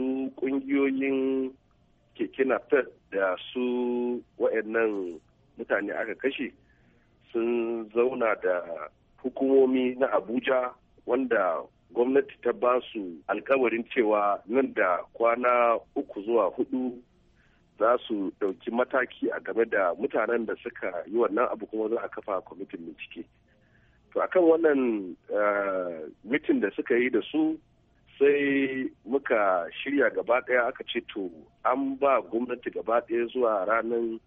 su kungiyoyin keke da su wa'annan mutane aka kashe sun zauna da hukumomi na abuja wanda gwamnati ta ba su alkawarin cewa nan da kwana uku zuwa hudu za su ɗauki mataki a game da mutanen da suka yi wannan abu kuma za a kafa kwamitin bincike to akan wannan eh, mitin da suka yi da su sai muka shirya gaba ɗaya aka ce to an ba gwamnati gaba ɗaya zuwa ranar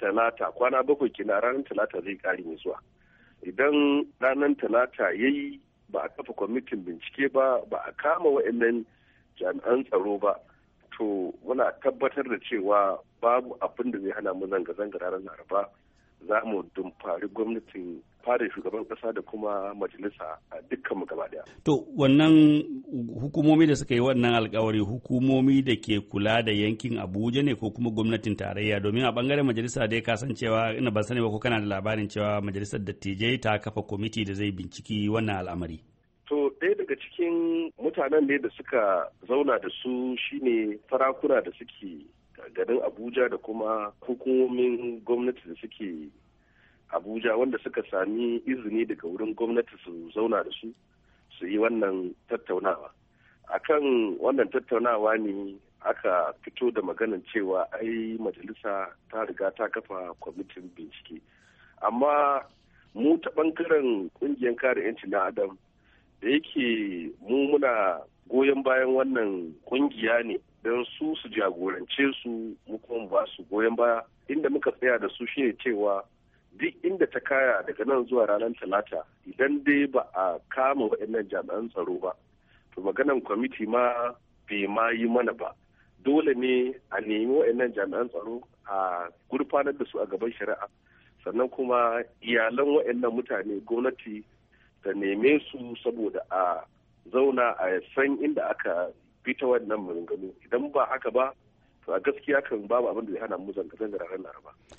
talata kwana bakwai kina ranar talata zai ƙari mai zuwa idan ranar talata ya yi ba a kafa kwamitin bincike ba ba a kama wa'annan jami'an tsaro ba to muna tabbatar da cewa babu abin da zai hana mu zanga-zanga ranar laraba za mu dumfari gwamnatin fara shugaban kasa da kuma majalisa a dukkan gaba daya. To wannan hukumomi da suka yi wannan alkawari hukumomi da ke kula da yankin abuja ne ko kuma gwamnatin tarayya domin a bangaren majalisa dai ka san cewa ina ban sani ba ko kana da labarin cewa majalisar dattijai ta kafa kwamiti da zai binciki wannan al'amari to ɗaya daga cikin mutanen ne da suka zauna da su shine farakuna da suke garin abuja da kuma hukumomin gwamnati da suke abuja wanda suka sami izini daga wurin gwamnati su zauna da su su yi wannan tattaunawa a kan wannan tattaunawa ne aka fito da maganin cewa ai majalisa ta riga ta kafa kwamitin bincike amma mu ta bangaren kungiyar kare 'yancin na adam da yake mu muna goyon bayan wannan kungiya ne don su su jagorance su mu kuma ba su goyon baya inda muka tsaya da su shine cewa duk inda ta kaya daga nan zuwa ranar talata idan dai ba a kama waɗannan jami'an tsaro ba to maganan kwamiti ma bai ma yi mana ba dole ne a nemi waɗannan jami'an tsaro a gurfanar da su a gaban shari'a sannan kuma iyalan waɗannan mutane gwamnati ta neme su saboda a zauna a san inda aka bi ta wannan maganganu idan ba haka ba to a gaskiya kan babu abin da zai hana mu zanga-zangar ranar laraba